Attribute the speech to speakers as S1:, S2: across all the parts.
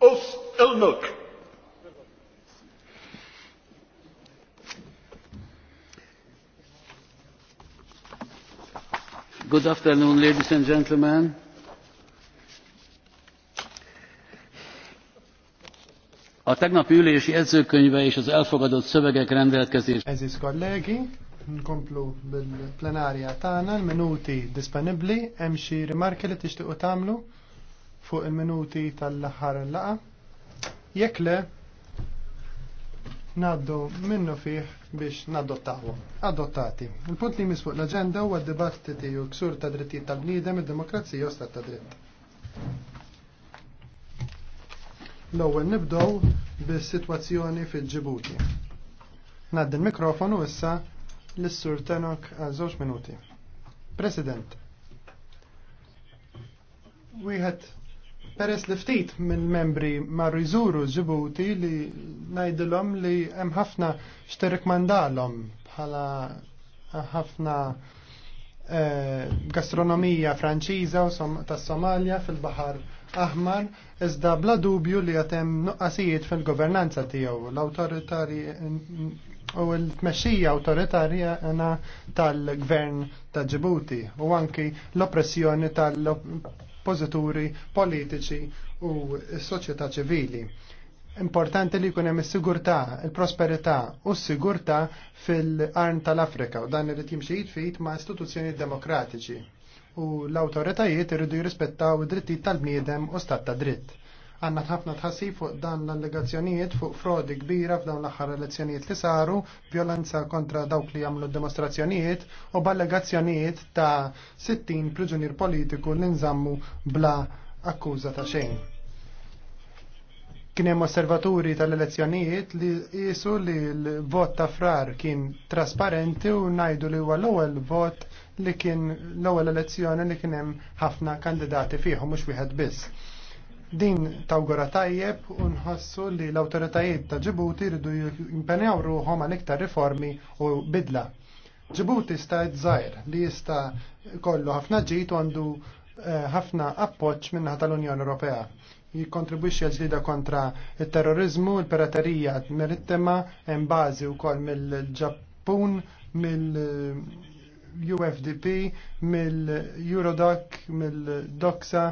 S1: Us il-nuk. Good afternoon, ladies and gentlemen. A tegnapi ülési edzőkönyve és az elfogadott szövegek rendelkezés.
S2: Ez is kollégi, nkomplu bil-plenárja tagħna, l-minuti disponibbli, hemm xi rimarki fuq il-minuti tal-aħħar laqa? Jekk le, naddu minnu fih biex nadottawu. Adottati. Il-punt li misfuq l-agenda huwa d-dibattiti u ksur ta' drittijiet tal-bniedem id-demokrazija u stat ta' dritt. L-ewwel nibdu bis-sitwazzjoni fil-Ġibuti. Naddi l-mikrofonu issa l-Sur Tenok għal żewġ minuti. President, had Peress li ftit minn membri marru jżuru ġibuti li najdilom li hemm ħafna xterek mandalom bħala ħafna eh, gastronomija franċiża u tas Somalja fil-Bahar Aħmar, iżda bla dubju li għatem nuqqasijiet fil-governanza tiegħu l awtoritarji u l-tmexxija autoritarja tal-gvern ta' Ġibuti u anki l-oppressjoni tal pożituri politiċi u s-soċjetà ċivili. Importanti li jkun hemm is-sigurtà, il-prosperità u s-sigurtà fil-qarn tal-Afrika u dan irid jimxi jitfit ma' istituzzjoni demokratiċi u l-awtoritajiet irridu jirrispettaw id-drittijiet tal-bniedem u stat ta' dritt Għanna ħafna tħassi fuq dan l-allegazzjonijiet fuq frodi kbira f'dawn l-aħħar elezzjonijiet li saru, violenza kontra dawk li jagħmlu demostrazzjonijiet u b'allegazzjonijiet ta' 60 priġunier politiku li nżammu bla akkuża ta' xejn. Kien hemm osservaturi tal-elezzjonijiet li qisu li l-vot ta' frar kien trasparenti u ngħidu li huwa l-ewwel vot li kien l-ewwel elezzjoni li kien hemm ħafna kandidati fihom mhux wieħed biss Din tawgura tajjeb u li l-autoritajiet ta' Ġibuti rridu jimpenjaw ruħom għal iktar riformi u bidla. Ġibuti sta' żgħir li jista' kollu ħafna ġid u għandu eh, ħafna appoġġ minnaħa tal-Unjoni Ewropea. Jikkontribwixxi għal ġlida kontra il-terrorizmu, il-piraterija merittema, hemm bażi wkoll mill-Ġappun, mill-UFDP, mill-Eurodoc, mill-Doxa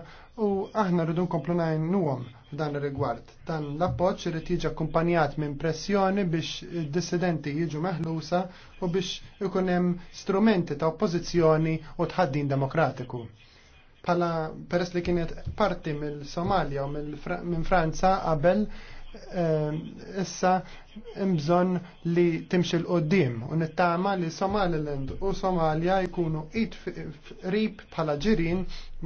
S2: u aħna rridu nkomplu nuhom f'dan ir-rigward. Dan l-appoġġ irid jiġi akkumpanjat minn pressjoni biex id-dissidenti jiġu meħlusa u biex ikun hemm strumenti ta' oppożizzjoni u tħaddin demokratiku bħala peress li kienet parti mill-Somalia u minn Franza qabel Ehm, issa imżon li timxil qoddim u nittama li Somaliland u Somalia jkunu id rib bħala ġirin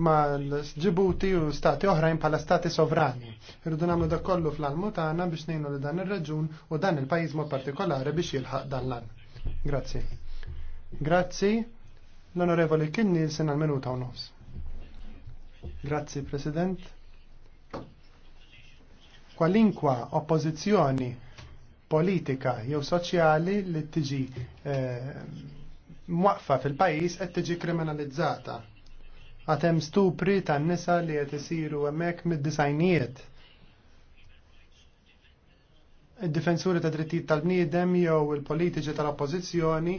S2: ma l-Ġibuti u stati oħrajn bħala stati sovrani. Irridu nagħmlu dak kollu fl-almutana biex ngħinu li dan ir-raġun u dan il pajiz mod partikolari biex jilħaq dan l-an. Grazzi. Grazzi l-Onorevoli Kinni sena l-minuta u nofs. Grazzi, President kwalinkwa oppożizzjoni politika jew soċjali li tiġi eh, mwaqfa fil-pajjiż qed tiġi kriminalizzata. Għad hemm stupri tan nisa li qed isiru hemmhekk mid-disajnijiet. Id-difensuri ta' drittijiet tal-bniedem jew il-politiċi tal-oppożizzjoni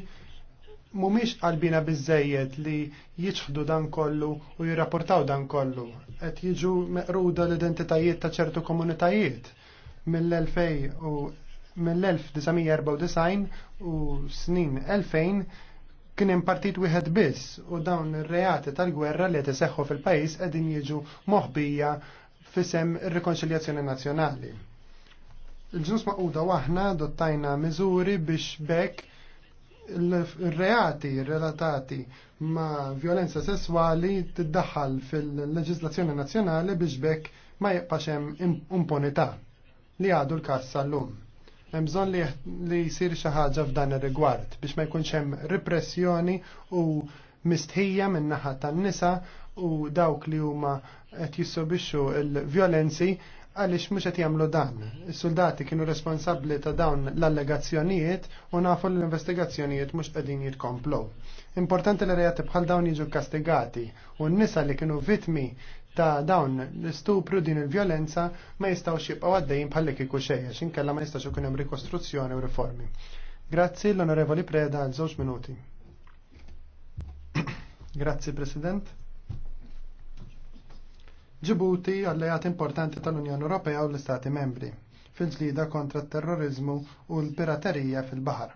S2: mumiex qalbina bizzejiet li jiċħdu dan kollu u jirrapportaw dan kollu. Qed jiġu meqruda l-identitajiet ta' ċertu komunitajiet mill 1994 u mill-1994 u snin 2000 kien hemm partit wieħed biss u dawn ir-reati tal-gwerra li qed iseħħu fil-pajjiż qegħdin jiġu moħbija fisem ir-rikonċiljazzjoni nazzjonali. Il-ġnus maquda waħna dottajna miżuri biex bekk il-reati relatati ma' violenza sessuali tiddaħħal fil-leġislazzjoni nazzjonali biex bekk ma jibqax hemm impunità li għadu l-kassa l-lum. Hemm bżonn li, li jsir xi ħaġa f'dan ir-rigward biex ma jkunx hemm repressjoni u mistħija min-naħa tan-nisa u dawk li huma qed jissobixxu l-vjolenzi għaliex mhux qed jagħmlu dan. Is-soldati kienu responsabbli ta' dawn l-allegazzjonijiet u nafu l-investigazzjonijiet mhux qegħdin jitkomplu. Importanti li rejati bħal dawn jiġu kastigati u n-nisa li kienu vitmi ta' dawn l-istupru din il-vjolenza ma jistaw jibqgħu għaddejjin bħal kieku xejjex inkella ma jistaw ikun hemm rikostruzzjoni u riformi. Grazzi l-Onorevoli Preda għal żewġ minuti. Grazzi President. Ġibuti alleat importanti tal-Unjoni Ewropea u l-Istati membri fil-ġlida kontra t-terrorizmu u l-piraterija fil-bahar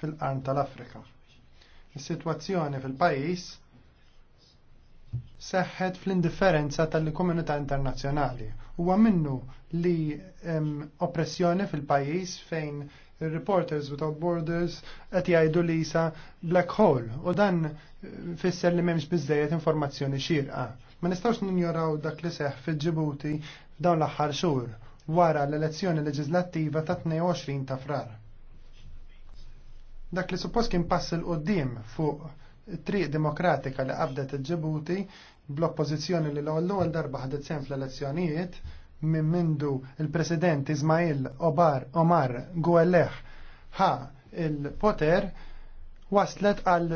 S2: fil-qarn tal-Afrika. Is-sitwazzjoni fil-pajis seħħet fl-indifferenza tal-komunità internazzjonali. Huwa minnu li oppressjoni fil-pajis fejn Reporters Without Borders qed jgħidu lisa black hole u dan eh, fisser li m'hemmx biżżejjed informazzjoni xierqa Ma nistawx ninjoraw dak li seħ fil-ġibuti f'dawn l-aħħar xhur wara l-elezzjoni leġislattiva ta' 22 ta' frar. Dak li suppost kien pass il qoddim fuq triq demokratika li qabdet il-ġibuti bl-oppożizzjoni li l-ewwel darba ħadet sehem fl-elezzjonijiet minn mindu il-President Ismail Obar Omar Guelleh ħa il-poter waslet għal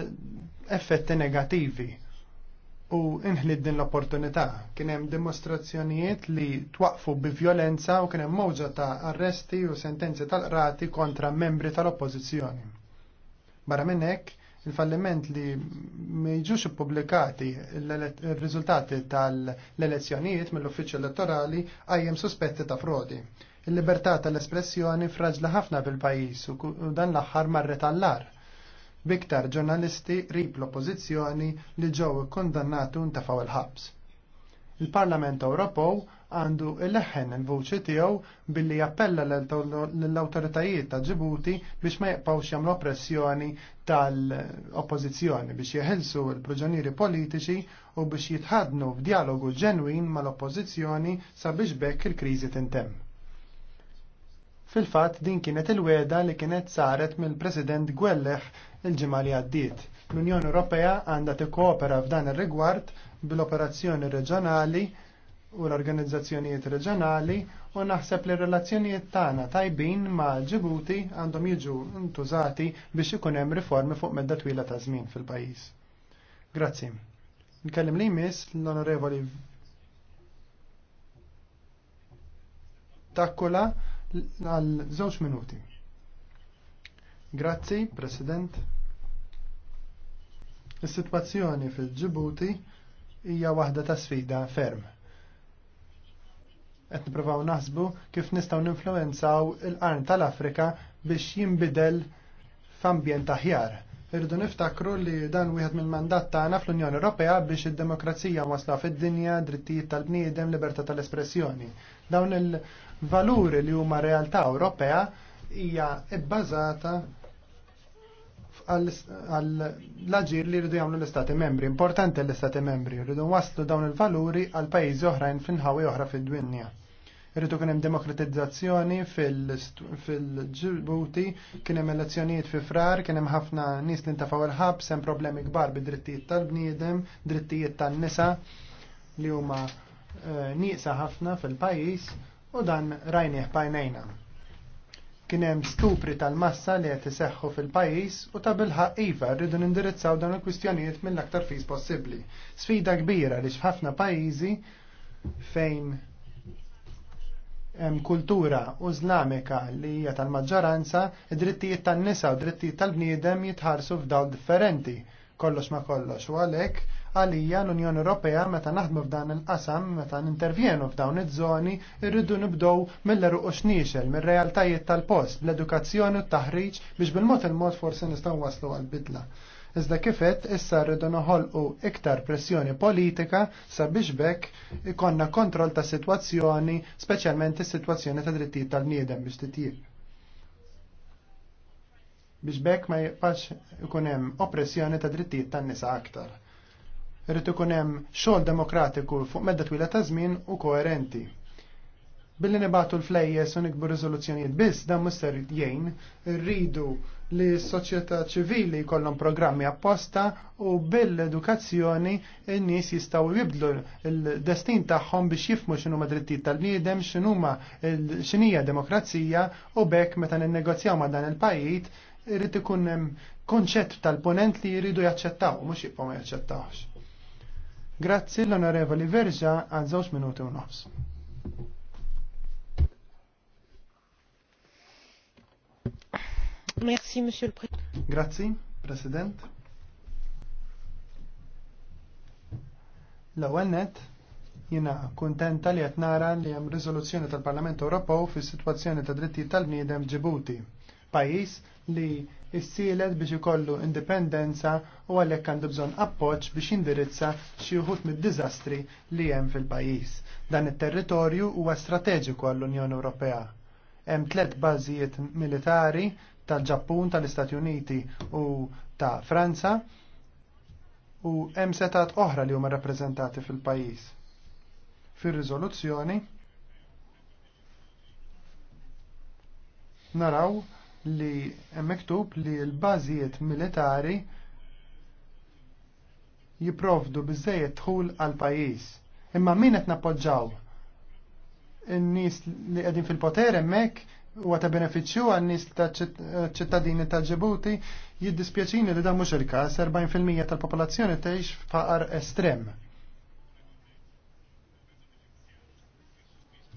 S2: effetti negativi u inħlid din l-opportunità. Kien hemm dimostrazzjonijiet li twaqfu bi violenza u kien hemm mowġa ta' arresti u sentenzi tal-qrati kontra membri tal-oppożizzjoni. Barra minn hekk, il-falliment li ma jiġux ippubblikati r-riżultati tal-elezzjonijiet mill-uffiċċju elettorali għajjem suspetti ta' frodi. Il-libertà tal-espressjoni fraġla ħafna fil-pajjiż u dan l-aħħar marret tal-lar biktar ġurnalisti rib l-oppożizzjoni li ġew ikkundannatu ntafaw il-ħabs. Il-Parlament Ewropew għandu il-leħen il-vuċi tiegħu billi jappella l-awtoritajiet ta' Ġibuti biex ma jibqgħux jagħmlu oppressjoni tal-oppożizzjoni biex jeħilsu l-proġonieri politiċi u biex jitħadnu f'dialogu ġenwin mal-oppożizzjoni sabiex bekk il-kriżi tintemm. Fil-fatt din kienet il-weda li kienet saret mill-President Gwelleħ il-ġimgħa li għaddiet. L-Unjoni Ewropea għandha tikkoopera f'dan ir-rigward bil-operazzjoni reġjonali u l-organizzazzjonijiet reġjonali u naħseb li relazzjonijiet tagħna tajbin ma' Ġibuti għandhom jiġu ntużati biex ikun hemm riformi fuq medda twila ta' żmien fil-pajjiż. Grazzi. Nkellim li jmiss l-Onorevoli Takkula għal żewġ minuti. Grazzi, President. Is-sitwazzjoni fil-Ġibuti hija waħda ta' sfida ferm. Qed nippruvaw naħsbu kif nistgħu ninfluwenzaw il-qarn tal-Afrika biex jinbidel f'ambjent aħjar Irridu niftakru li dan wieħed mill-mandat tagħna fl-Unjoni Ewropea biex id-demokrazija wasla fid-dinja, drittijiet tal-bniedem, libertà tal-espressjoni. Dawn il-valuri li huma realtà Ewropea hija bbażata għall-aġir li rridu jagħmlu l-Istati membri. Importanti l-Istati membri rridu waslu dawn il-valuri għal pajjiżi oħrajn fl-inħawi oħra fid-dinja rritu kien hemm demokratizzazzjoni fil-Ġibuti, kien hemm elezzjonijiet fi frar, kien hemm ħafna nis li ntafaw il ħab sem problemi kbar bi drittijiet tan-nisa li huma eh, nieqsa ħafna fil-pajjiż u dan rajnieh pajnejna. kien hemm stupri tal-massa li qed iseħħu fil-pajjiż u ta' bilħaq iva rridu nindirizzaw dan il-kwistjonijiet mill-aktar fis possibbli. Sfida kbira li x'ħafna pajjiżi fejn kultura użlamika li hija tal-maġġoranza, id-drittijiet tan-nisa u drittijiet tal-bniedem jitħarsu f'dawl differenti kollox ma kollox u għalhekk għalija l-Unjoni Ewropea meta naħdmu f'dan il-qasam, meta nintervjenu f'dawn iż-żoni, irridu nibdow mill-eruq xnixel mir-realtajiet tal-post, bl-edukazzjoni u t-taħriġ biex bil-mod il-mod forsi nistgħu waslu għal-bidla. Iżda kifet issa rridu noħolqu iktar pressjoni politika sabiex bekk ikonna kontroll ta' situazzjoni, speċjalment is-sitwazzjoni ta' drittijiet tal-niedem biex titjir. Biex bekk ma jibqax ikun hemm oppressjoni ta' drittijiet tan-nisa aktar. Irrid ikun hemm xogħol demokratiku fuq medda twila ta' żmien u koerenti. Billi nibatu l-flejjes u nikbu riżoluzzjonijiet biss dan muster jgħin, rridu li s-soċjetà ċivili jkollhom programmi apposta u bil-edukazzjoni n-nies jistgħu jibdlu l-destin tagħhom biex jifmu x'inhu drittijiet tal-bniedem, x'inhuma x'inhija demokrazija u bekk meta ninnegozjaw ma' dan il pajit irid ikun hemm konċett tal-ponent li jridu jaċċettaw mhux jibqgħu ma jaċċettawx. Grazzi l-Onorevoli Verġa għal żewġ minuti u nofs. Merci, Monsieur le Président. Grazie, President. L-ewwel jina jiena kuntenta li qed nara li hemm riżoluzzjoni tal-Parlament Ewropew fis-sitwazzjoni ta' drittijiet tal-bniedem Ġibuti, pajjiż li issielet biex ikollu indipendenza u għalhekk għandu bżonn appoġġ biex jindirizza xi wħud mid-diżastri li hemm fil-pajjiż. Dan it-territorju huwa strateġiku għall-Unjoni Ewropea. Hemm tliet bażijiet militari tal-Ġappun, tal-Istati Uniti u ta' Franza u hemm setat oħra li huma rappreżentati fil-pajjiż. Fir-riżoluzzjoni naraw li hemm miktub li l-bażijiet militari jipprovdu biżejjed dħul għal pajjiż. Imma min qed nappoġġaw? In-nies li qegħdin fil-poter hemmhekk u għata beneficju nis ta' eh, ċittadini ta' Ġibuti jiddispjaċini li da' mux il-kas 40% tal-popolazzjoni teħx faqar estrem.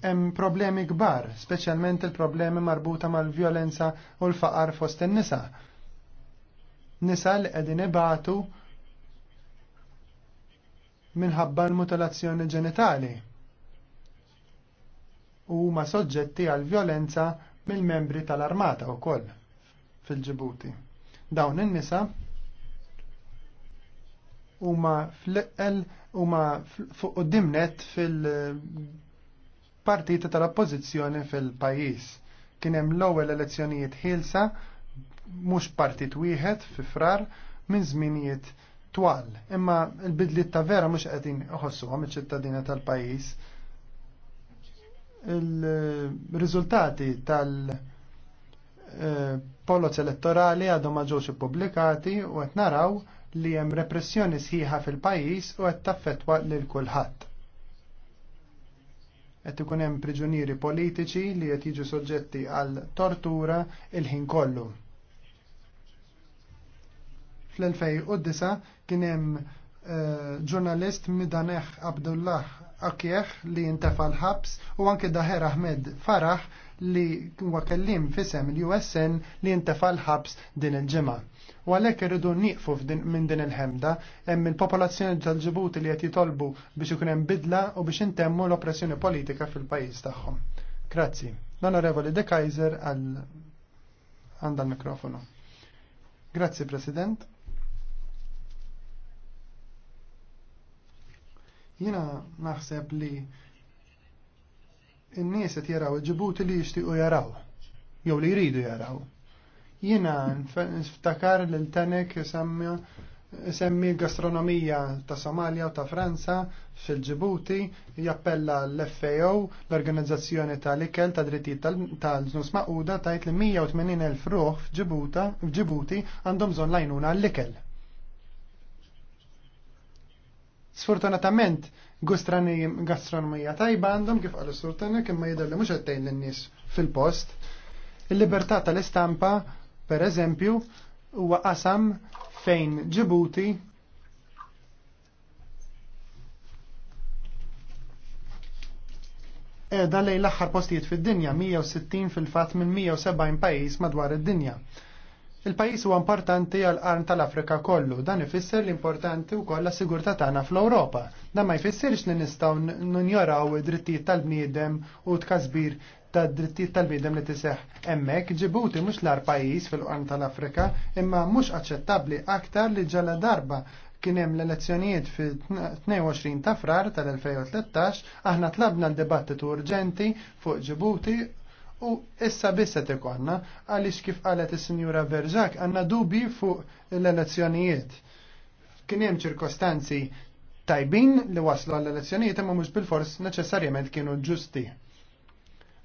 S2: Hemm problemi kbar, speċjalment il-problemi marbuta mal-vjolenza u l-faqar fost in-nisa. Nisa li qegħdin ibatu minħabba l-mutilazzjoni ġenitali u ma soġġetti għal violenza mill-membri tal-armata wkoll fil-Ġibuti. Dawn in-nisa huma fl-eqqel ma fuq dimnet fil partita tal-oppożizzjoni fil-pajjiż. Kien hemm l-ewwel elezzjonijiet ħielsa mhux partit wieħed fi frar minn żminijiet twal, imma l-bidliet ta' vera mhux qegħdin iħossuhom il ċittadina tal-pajjiż il-riżultati tal-polots eh, elettorali għadhom ma ġewx ippubblikati u qed naraw li hemm repressjoni sħiħa fil-pajjiż u qed taffettwa lil kulħadd. Qed ikun hemm priġunieri politiċi li qed jiġu soġġetti għal tortura il-ħin kollu. Fl-2009 kien hemm eh, ġurnalist Midaneħ Abdullah Akieħ li jintafa l-ħabs u anke Daher Ahmed Farah li huwa kellim fisem l-USN li jintafa l-ħabs din il-ġimgħa. U għalhekk irridu nieqfu minn din il-ħemda hemm il-popolazzjoni tal-Ġibuti li qed jitolbu biex ikun hemm bidla u biex intemmu l-oppressjoni politika fil-pajjiż tagħhom. Grazzi. L-Onorevoli De Kaiser għal għandha l-mikrofonu. Grazzi President. Jina naħseb li n-nies qed jaraw il-ġibuti li jixtiequ jaraw, jew li jridu jaraw. Jiena nftakar lil tanek semmi gastronomija ta' Somalia u ta' Franza fil-ġibuti jappella l-FAO, l-Organizzazzjoni tal-Ikel ta' Drittijiet tal znus Maquda tajt li 180.000 ruħ f'Ġibuti għandhom bżonn lajnuna l-ikel. Sfortunatament, gastronomija tajba għandhom kif għal surtanek kim ma li mhux għattajn lin-nies fil-post. Il-libertà tal-istampa, per eżempju, huwa qasam fejn Ġibuti edha lej l-aħħar postijiet fid-dinja 160 fil-fatt minn 170 pajjiż madwar id-dinja. Il-pajis huwa importanti għal arm tal-Afrika kollu, dan ifisser l-importanti wkoll kolla sigurta tagħna fl-Ewropa. Dan ma jfissirx li nistgħu ninjoraw id-drittijiet tal-bniedem u tkasbir ta' drittijiet tal-bidem li t-seħ emmek, ġibuti mux l-ar pajis fil arm tal-Afrika, imma mux aċċettabli aktar li ġala darba kienem l-elezzjonijiet fil-22 ta' frar tal-2013, aħna tlabna l-dibattitu urġenti fuq ġibuti U issa bissa għanna, għalix kif għalet il-Sinjura Berġak, għanna dubi fuq l-elezzjonijiet. Kien hemm ċirkostanzi tajbin li waslu għall-elezzjonijiet imma mhux bil-fors neċessarjament kienu ġusti.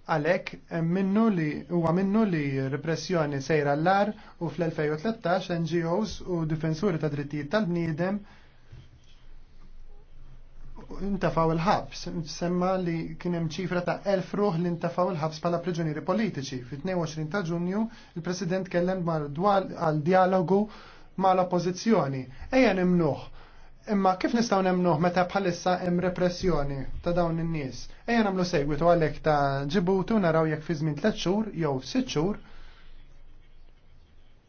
S2: Għalek, minnu li, huwa għaminnu li repressjoni sejra l-lar u fl-2013 NGOs u difensuri ta' drittijiet tal-bniedem intafaw il-ħabs. Semma li kien hemm ċifra ta' 1000 ruħ li intafaw il-ħabs bħala priġunieri politiċi. Fit-22 ta' Ġunju il-President kellem għal dialogu ma' l-oppożizzjoni. Ejja nimnuħ. Imma kif nistgħu nemnuh meta bħalissa hemm repressjoni ta' dawn in-nies? Ejja nagħmlu segwitu għalhekk ta' Ġibuti naraw jekk fi żmien 3 xhur jew sitt xhur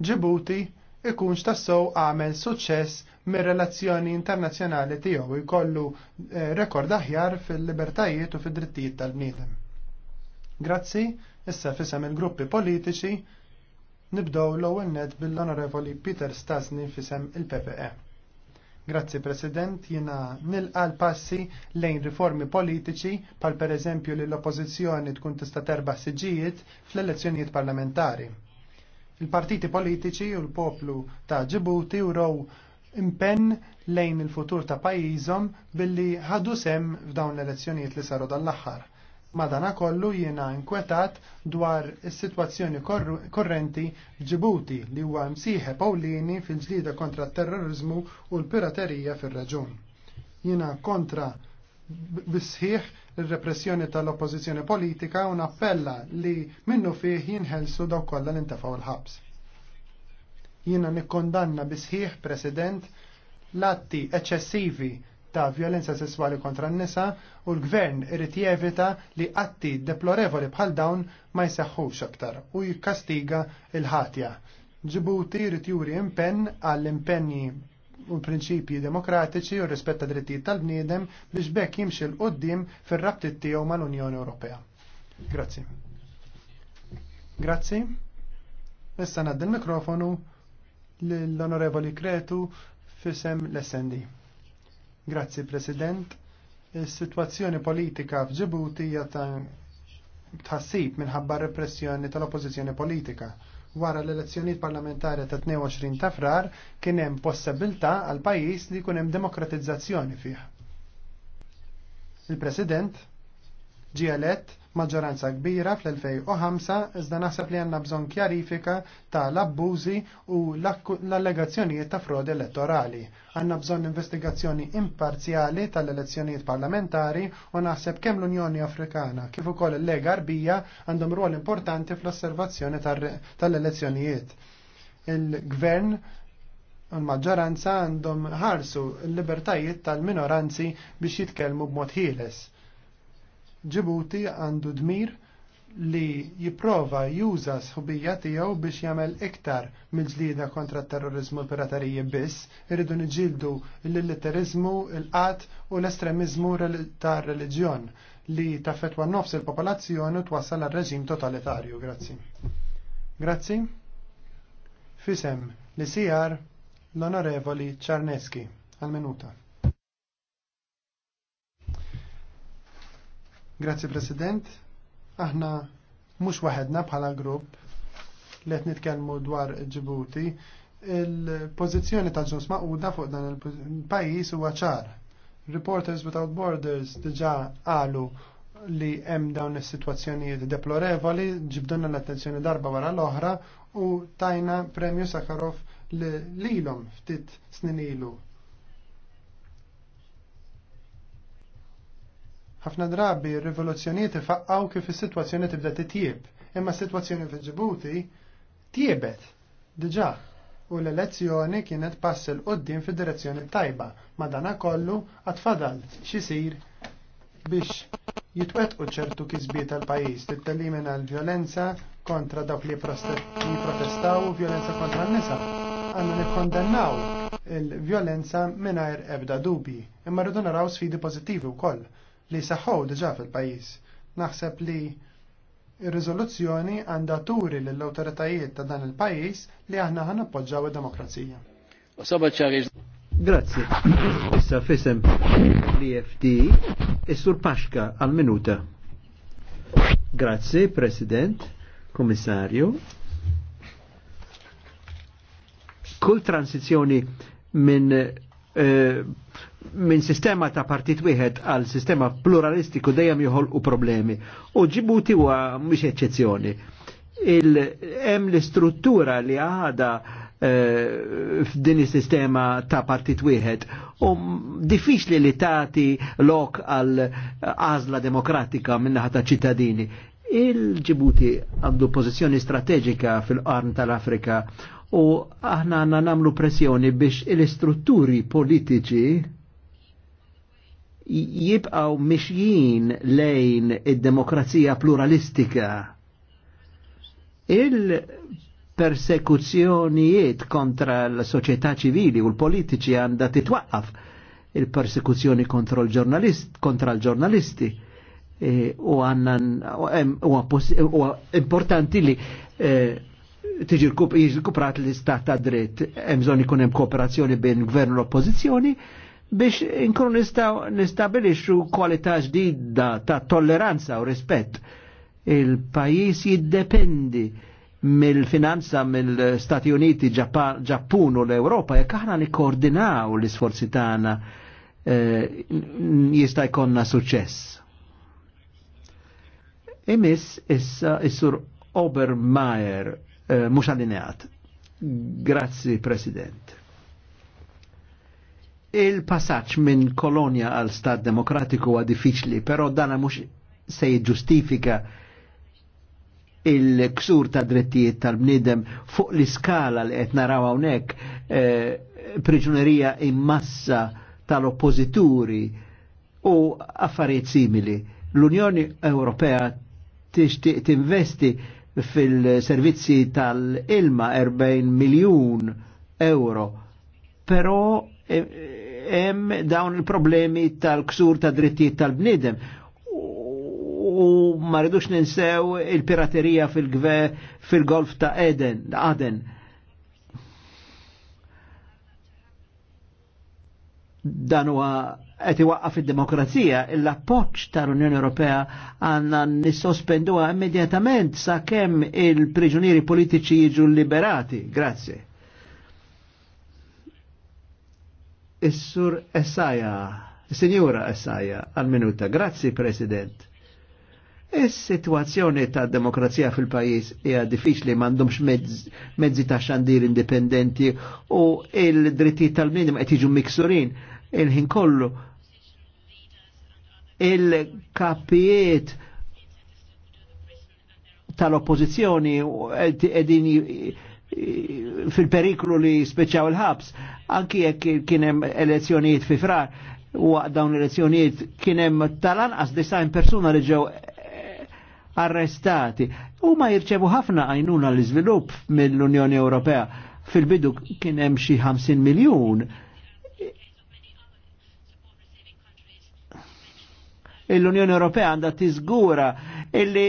S2: Ġibuti ikunx tassow għamel suċċess mir-relazzjoni internazzjonali tiegħu jkollu eh, rekord aħjar fil-libertajiet u fid-drittijiet tal-bniedem. Grazzi, issa fisem il-gruppi politiċi nibdow l-ewwel net bil-Onorevoli Peter Stasni fisem il-PPE. Grazzi President, jina nilqa l-passi lejn riformi politiċi, pal per eżempju li l-oppozizjoni tkun tista' terba' siġijiet fl-elezzjonijiet parlamentari Il-partiti politiċi u l-poplu ta' Ġibuti uraw impenn lejn il-futur ta' pajjiżhom billi ħadu sem f'dawn l-elezzjonijiet li saru dal-aħħar. Madana kollu jiena inkwetat dwar is-sitwazzjoni korrenti f'Ġibuti li huwa msiħe Pawlini fil-ġlida kontra t-terrorizmu u l-piraterija fir-raġun. Jiena kontra bisħiħ il-repressjoni tal-oppozizjoni politika u nappella li minnu fih jinħelsu daw kollha li intefaw l-ħabs. Jiena nikkondanna bisħiħ, President, l-atti eċċessivi ta' violenza sessuali kontra n-nisa u l-gvern irrit jevita li atti deplorevoli bħal dawn ma jseħħux aktar u jikkastiga il-ħatja. Ġibuti irrit juri impenn għall-impenni u l-prinċipji demokratiċi u rispetta drittijiet tal-bniedem biex bekk jimxi l qoddim fir-rabtiet tiegħu mal-Unjoni Ewropea. Grazzi. Grazzi. Issa ngħaddi l-mikrofonu l-Onorevoli Kretu fisem l-SND. Grazzi President. Is-sitwazzjoni politika f'Ġibuti hija ta' tħassib minħabba repressjoni tal-oppożizzjoni politika. Wara l-elezzjonijiet parlamentari ta' 22 ta' frar kien hemm possibilità għal pajjiż li jkun hemm demokratizzazzjoni fih. Il-President ġie elett maġġoranza kbira fl-2005 iżda naħseb li għandna bżonn kjarifika ta' l-abbużi u l-allegazzjonijiet ta' frodi elettorali. Għandna bżonn investigazzjoni imparzjali tal-elezzjonijiet parlamentari u naħseb kemm l-Unjoni Afrikana kif ukoll il-Lega Arbija għandhom rwol importanti fl-osservazzjoni tal-elezzjonijiet. Il-gvern l-maġġoranza għandhom ħarsu l-libertajiet tal-minoranzi biex jitkellmu b'mod ħieles Ġibuti għandu dmir li jiprofa juża sħubija tiegħu biex jagħmel iktar mill-ġlida kontra terrorizmu l-piraterija biss, irridu niġildu l-litterizmu, il-qat u l-estremizmu ta' reliġjon li taffetwa nofs il-popolazzjoni u twassal għal reġim totalitarju. Grazzi. Grazzi. Fisem li sijar l-onorevoli Czarneski għal-minuta. Grazzi President, aħna mhux waħedna bħala grupp li qed nitkellmu dwar Ġibuti, il-pożizzjoni ta' ġus maquda fuq dan il-pajjiż huwa ċar. Reporters Without Borders diġà qalu li hemm dawn is-sitwazzjonijiet deplorevoli ġibdunna l-attenzjoni darba wara l-oħra u tajna premju Sakharov li lilhom ftit snin ilu Ħafna drabi r-rivoluzzjonijiet ifaqqaw kif is-sitwazzjoni tibda titjieb, imma s-sitwazzjoni fi Ġibuti tiebet diġà u l-elezzjoni kienet pass il qoddim fid direzzjoni tajba, ma dana kollu għatfadal xisir biex jitwetqu ċertu kisbiet tal pajis tittellimin l violenza kontra dawk li protestaw u violenza kontra n-nisa. Għanna nikkondannaw il-violenza minna ebda dubi, imma rridu naraw sfidi pozittivi u koll li saħħu diġà fil-pajjiż. Naħseb li ir-riżoluzzjoni għandha turi lill awtoritajiet ta' dan il-pajjiż li aħna ħan appoġġaw id-demokrazija.
S1: Grazzi. Issa fisem l-EFD is-sur Paxka għal-minuta. Grazzi, President, Komissarju. Kull transizjoni minn eh, minn sistema ta' partit wieħed għal sistema pluralistiku dejjem joħolqu problemi. U Ġibuti huwa mhix eċċezzjoni. Hemm l-istruttura li għada eh, f'din is-sistema ta' partit wieħed u diffiċli li tagħti lok għal għażla demokratika naħa ta' ċittadini. Il-Ġibuti għandu pożizzjoni strateġika fil-qarn tal-Afrika u aħna għanna namlu pressjoni biex il-istrutturi politiċi jibqaw mixjin lejn id-demokrazija pluralistika. Il-persekuzzjonijiet kontra l-soċjetà ċivili u l-politiċi għandha titwaqqaf il-persekuzzjoni kontra l-ġurnalist, kontra l-ġurnalisti. E, u għanna u importanti li e, tiġi l kuprat l-istat ta' dritt, hemm bżonn ikun hemm kooperazzjoni bejn gvern u l-oppożizzjoni, biex inkunu nistaw nistabilixu kwalità ġdida ta' tolleranza u rispett. Il-pajis jiddependi mill-finanza mill-Stati Uniti, Ġappun u l-Europa, jekk aħna nikkoordinaw l-isforzi tagħna eh, jista' jkollna suċċess. Imis issa is-sur Obermeier eh, mhux allineat. Grazzi President. Il-passaċ minn kolonja għal stat demokratiku huwa diffiċli, pero dana mhux se jiġġustifika il-ksur ta' drittijiet tal-bnidem fuq l-iskala li qed naraw hawnhekk eh, priġunerija immassa tal-oppożituri u affarijiet simili. L-Unjoni Ewropea tixtieq tinvesti fil-servizzi tal-ilma 40 miljun euro, pero eh, hemm dawn il-problemi tal-ksur ta' drittijiet tal-bniedem u ma rridux ninsew il-piraterija fil-golf fil ta' Eden, Aden. Dan huwa qed iwaqqaf id-demokrazija, l-appoġġ tal-Unjoni Ewropea għandna nissospenduha immedjatament sakemm il-priġunieri politiċi jiġu liberati. Grazie. Is-sur Essaja, Signora Essaja, għal-minuta. Grazzi, President. Is-situazzjoni ta' demokrazija fil-pajis hija diffiċli m'għandhomx mezzi ta' xandir indipendenti u il-dritti tal-minim qed jiġu miksurin il-ħin kollu. Il-kapijiet tal oppożizzjoni qegħdin fil-periklu li speċaw il-ħabs, anki jekk kienem elezzjonijiet fi frar, u dawn elezzjonijiet kienem tal-anqas design persuna li ġew eh, arrestati. U ma jirċevu ħafna għajnuna l-izvilup mill-Unjoni Ewropea. Fil-bidu kienem xi 50 miljon l-Unjoni Ewropea għandha tiżgura illi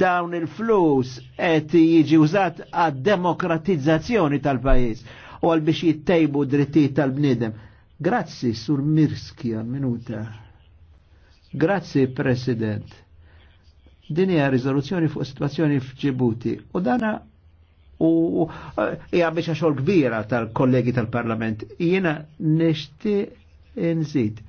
S1: dawn il-flus qed jiġi użat għad-demokratizzazzjoni tal-pajjiż u għal biex jittejbu drittijiet tal-bniedem. Grazzi, Sur Mirski, għal minuta. Grazzi, President. Din hija riżoluzzjoni fuq situazzjoni f'Ġibuti u dana u eh, hija biex xogħol kbira tal-kollegi tal-Parlament. Jiena nixtieq inżid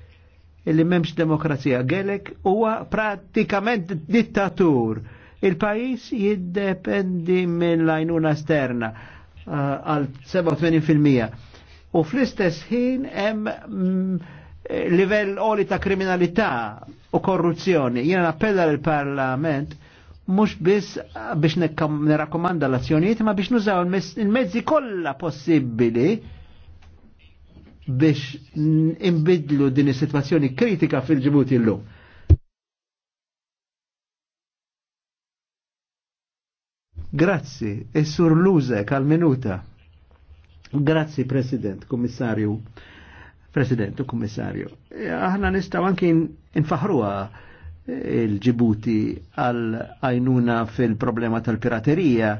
S1: illi memx demokrazija. Gelek huwa pratikament dittatur. Il-pajis jiddependi mill-għajnuna esterna eh, għal uh, 87%. U fl-istess ħin hemm mm, livell oli ta' kriminalità u korruzzjoni. Jena appella l-Parlament mux biss biex nerakkomanda l-azzjonijiet, ma biex nużaw il-mezzi kollha possibbli biex imbidlu din is-sitwazzjoni kritika fil-ġibuti l-lum. Grazzi, Essur sur Luze kal-minuta. Grazzi, President, Kommissarju, President Kommissarju. Aħna nistaw anki infaħruha il-ġibuti għal ajnuna fil-problema tal-piraterija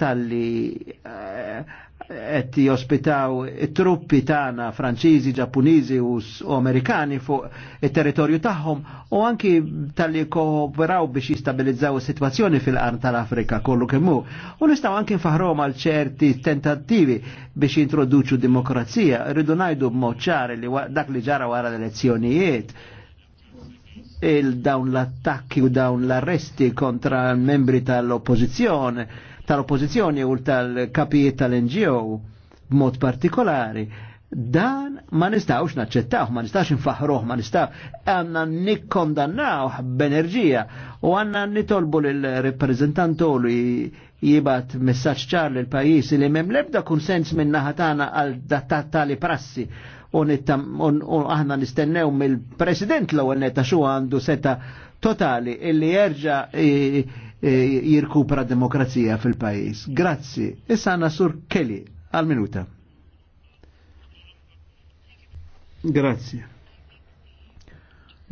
S1: tal-li eh, qed jospitaw it-truppi tana Franċiżi, Ġappuniżi u Amerikani fuq it-territorju tagħhom u anki tal-li kooperaw biex jistabilizzaw is-sitwazzjoni fil-qarn tal-Afrika kollu kemm hu. U nistgħu anki nfaħrom għal ċerti tentattivi biex jintroduċu demokrazija, rridu ngħidu b'mod ċar li dak li ġara wara l-elezzjonijiet il-dawn l-attakki u dawn l-arresti kontra l-membri tal-oppozizjoni tal-oppozizjoni u tal-kapijiet tal-NGO b'mod partikolari dan ma nistawx naċċettaw, ma nistawx nfaħruħ, ma nistaw, għanna nikkondannaw b'enerġija u għanna nitolbu l-reprezentantu li jibat messaċ ċar l-pajis li mem lebda konsens minna naħatana għal tali prassi u aħna nistennew mill-president l-għonet għaxu għandu seta totali illi jerġa' E, jirkupra demokrazija fil-pajis. Grazzi. Issa għanna sur Kelly, għal-minuta. Grazzi.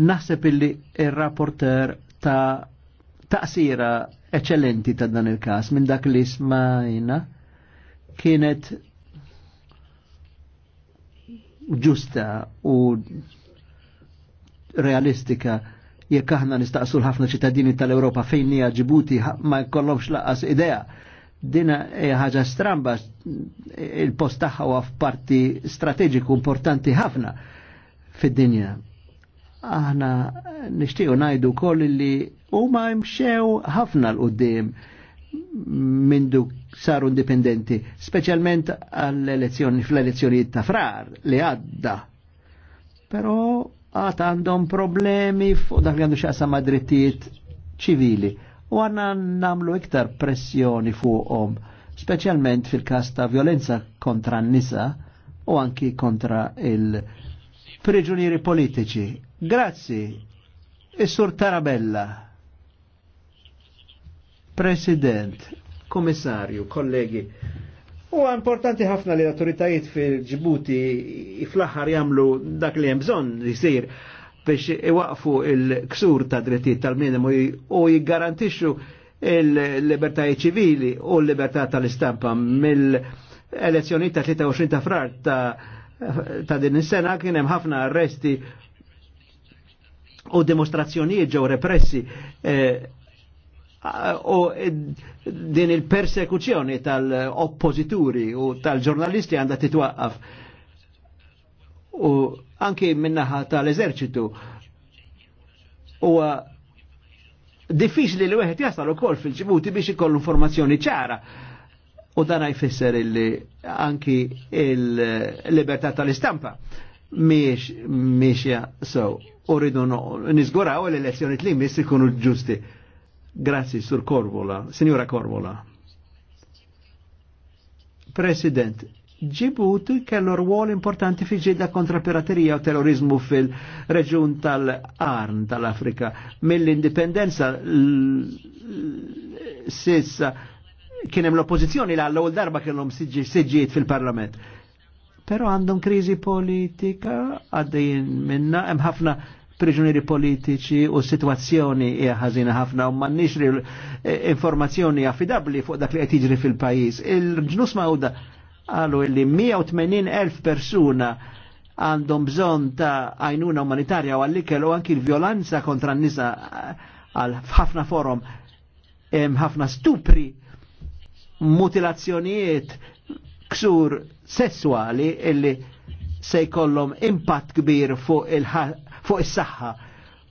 S1: Naħseb illi il-rapporter ta' taqsira eccellenti ta' dan il-kas minn dak li smajna kienet ġusta u realistika jekk aħna nistaqsu l-ħafna ċittadini tal-Ewropa fejn hija Ġibuti ma jkollhomx laqas idea. Dina ħaġa stramba il-post tagħha huwa f'parti strateġiku importanti ħafna fid-dinja. Aħna nixtiequ ngħidu wkoll li huma mxew ħafna l-qudiem mindu saru indipendenti, speċjalment għall-elezzjoni, fl-elezzjonijiet ta' frar li għadda. Pero għat għandhom problemi fuq dak li għandu xaqsa madrittijiet ċivili u għanna namlu iktar pressjoni fuqhom, specialment fil-kas ta' violenza kontra n-nisa u anki kontra il-priġunieri politiċi. Grazzi, Is-Sur Tarabella, President, Komissarju, kollegi, U importanti ħafna li l-autoritajiet fil-ġibuti fl-aħħar jagħmlu dak li hemm bżonn li jsir biex iwaqfu il-ksur ta' drittijiet tal-minimu u jiggarantixxu il-libertajiet ċivili u l-libertà tal-istampa mill-elezzjoni ta' 23 ta' frar ta' din is-sena kien hemm ħafna arresti u dimostrazzjonijiet ġew repressi eh, u din il-persekuzzjoni tal-oppozituri u tal-ġurnalisti għanda titwaqqaf u anki minnaħa tal-eżerċitu u diffiċli li wieħed jasal ukoll fil-ġibuti biex ikollu informazzjoni ċara. U dan jfisser illi anki il-libertà tal-istampa miex miex so u rridu nizguraw l-elezzjoni li jmiss ikunu ġusti. Grazie, Sur Corvola, Signora Corvola. President, Ġibuti kellu rwol importanti fi ġidda kontra piraterija u terrorizmu fil-reġun tal-Arn tal-Afrika. Mill-indipendenza sissa kienem l-oppozizjoni l għall darba kellhom siġġiet fil-parlament. Pero għandhom krizi politika għaddejjin minna, hemm ħafna priġunieri politiċi u situazzjoni hija ħażina ħafna u m'għandniex e, informazzjoni affidabbli fuq dak li qed jiġri fil-pajjiż. Il-ġnus Mawda qalu li 180,000 persuna għandhom bżonn ta' għajnuna umanitarja u għallikel u anki l-violanza kontra n-nisa għal ħafna forum, ħafna stupri, mutilazzjonijiet, ksur sessuali illi se jkollhom impatt kbir fuq fuq is-saħħa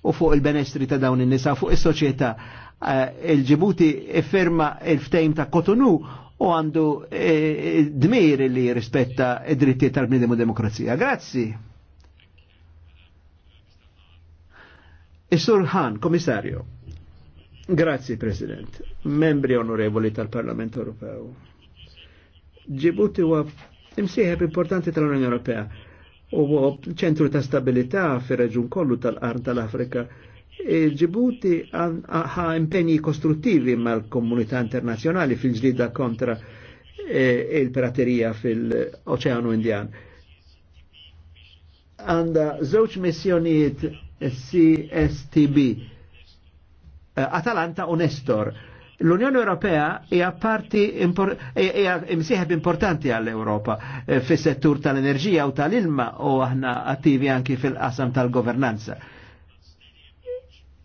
S1: u fuq il-benestri ta' dawn in-nisa fuq is-soċjetà. Eh, Il-Ġibuti ifferma il-ftejm ta' Kotonu u għandu eh, dmir li rispetta id dritti tal-bniedem u demokrazija. Grazzi. Is-Sur Han, Komissarju. Grazzi, President. Membri onorevoli tal-Parlament Ewropew. Ġibuti huwa imsieħeb importanti tal-Unjoni Ewropea u ċentru ta' stabilità fir-reġun kollu tal-qarn tal-Afrika. E, ġibuti ħa impegni kostruttivi mal-komunità internazjonali fil ġlida kontra e, il-piraterija fil-Oċeanu Indjan. Għanda zewċ missjoniet CSTB, e, Atalanta u Nestor L-Unjoni Ewropea hija parti hija imsieħeb importanti għall-Ewropa eh, fis-settur tal-enerġija u tal-ilma u aħna attivi anki fil-qasam tal-governanza.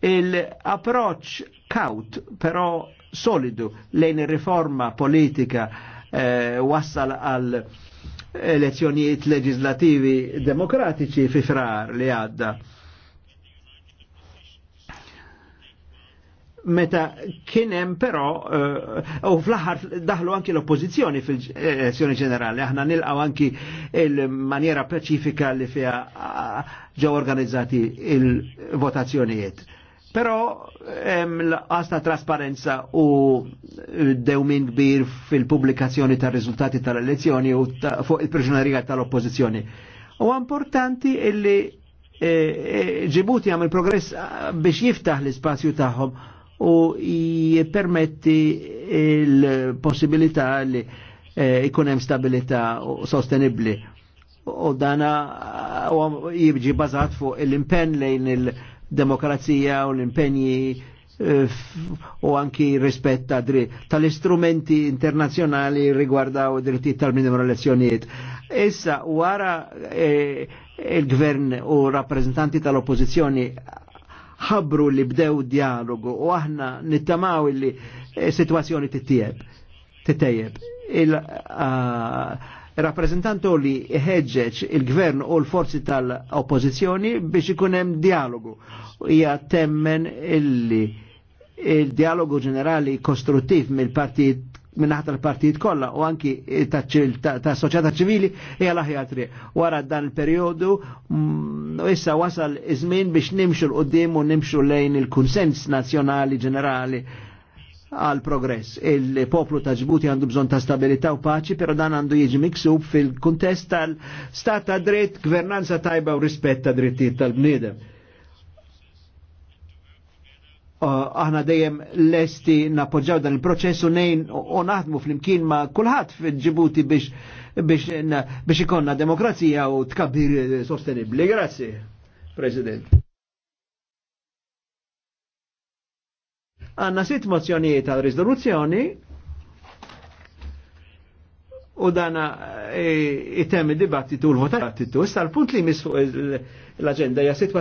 S1: Il-approċ kaut però solidu lejn ir-riforma politika eh, wassal għal elezzjonijiet leġislativi demokratiċi fi frar li għadda meta kienem però eh, u fl daħlu anki l oppozizjoni fil-elezzjoni ġenerali, aħna nilqaw anki il-maniera pacifika li fija eh, ġew organizzati il-votazzjonijiet. Però l-asta trasparenza u dewmin kbir fil-pubblikazzjoni tar riżultati tal-elezzjoni u fuq il-priġunerija tal oppozizjoni U importanti illi eh, ġibuti għam il-progress biex jiftaħ l spazju taħħom u jipermetti il-possibilità li eh, ikun hemm stabilità sostenibbli. U dana eh, jibġi bazat fuq l-impenn lejn il-demokrazija u l-impenji eh, u anki rispett tal-istrumenti internazjonali rigwardaw drittijiet tal-minimal Issa, wara il-gvern u rappresentanti tal-oppozizjoni ħabru li bdew dialogu u aħna nittamaw li eh, situazzjoni tittieb. Tittieb. Il-rappresentantu ah, li ħeġġeġ il-gvern u l-forzi tal-oppozizjoni biex ikunem hemm dialogu. Ija temmen illi il-dialogu ġenerali kostruttiv mill-partit minnaħat l-partijiet kolla u anki ta' soċjata ċivili hija l-aħjar Wara dan il periodu mm, u issa wasal iż-żmien biex nimxu l qoddim u nimxu lejn il-kunsens nazzjonali ġenerali għal progress. Il-poplu ta' ġbuti għandu bżon ta' stabilità u paċi, pero dan għandu jieġi miksub fil-kuntest tal-stat ta' dritt, gvernanza tajba u rispetta ta' drittijiet tal bnidem Uh, aħna dejjem lesti napoġġaw dan il-proċess u nejn u naħdmu fl-imkien ma' kulħadd fil-Ġibuti biex biex biex ikonna demokrazija u tkabbir sostenibbli. Grazzi, President. Għanna sitt mozzjonijiet għal riżoluzzjoni u dana uh, item id-dibattitu l-votat. Issa l-punt li mis l-agenda hija